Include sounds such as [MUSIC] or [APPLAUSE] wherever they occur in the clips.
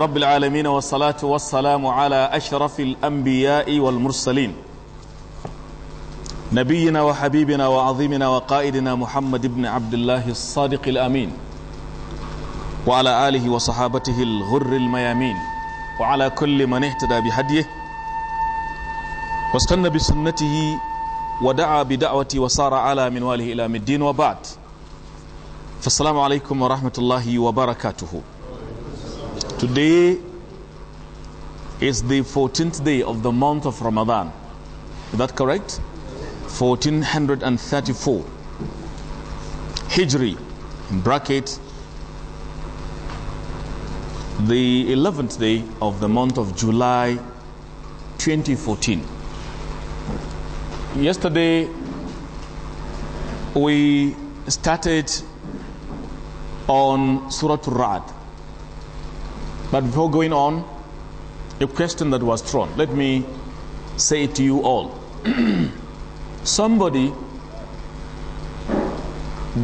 رب العالمين والصلاة والسلام على أشرف الأنبياء والمرسلين نبينا وحبيبنا وعظيمنا وقائدنا محمد بن عبد الله الصادق الأمين وعلى آله وصحابته الغر الميامين وعلى كل من اهتدى بهديه واستنى بسنته ودعا بدعوته وصار على منواله إلى مدين وبعد فالسلام عليكم ورحمة الله وبركاته Today is the 14th day of the month of Ramadan. Is that correct? 1434. Hijri, in bracket, the 11th day of the month of July 2014. Yesterday, we started on Surah Al-Ra'd. But before going on, a question that was thrown. Let me say to you all. [CLEARS THROAT] Somebody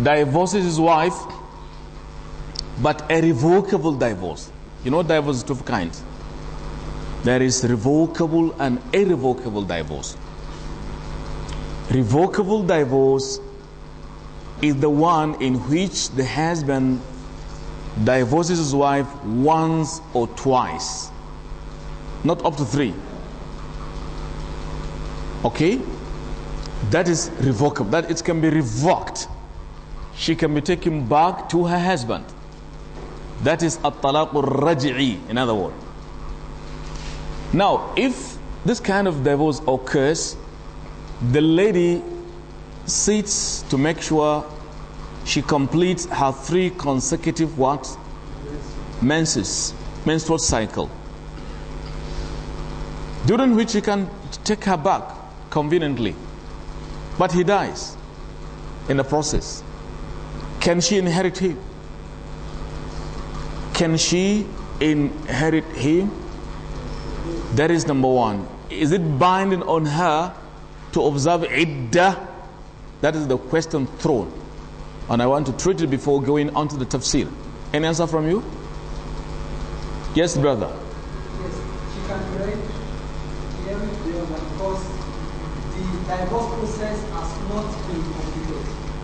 divorces his wife, but a revocable divorce. You know, divorce is two kinds. There is revocable and irrevocable divorce. Revocable divorce is the one in which the husband divorces his wife once or twice, not up to three. Okay? That is revocable. That it can be revoked. She can be taken back to her husband. That is at-talaqur raj'i, in other words. Now, if this kind of divorce occurs, the lady sits to make sure she completes her three consecutive what? Menses, menstrual cycle. During which you can take her back conveniently. But he dies in the process. Can she inherit him? Can she inherit him? That is number one. Is it binding on her to observe iddah? That is the question thrown. And I want to treat it before going on to the tafsir. Any answer from you? Yes, brother. Yes, she can write every day because the divorce process has not been completed.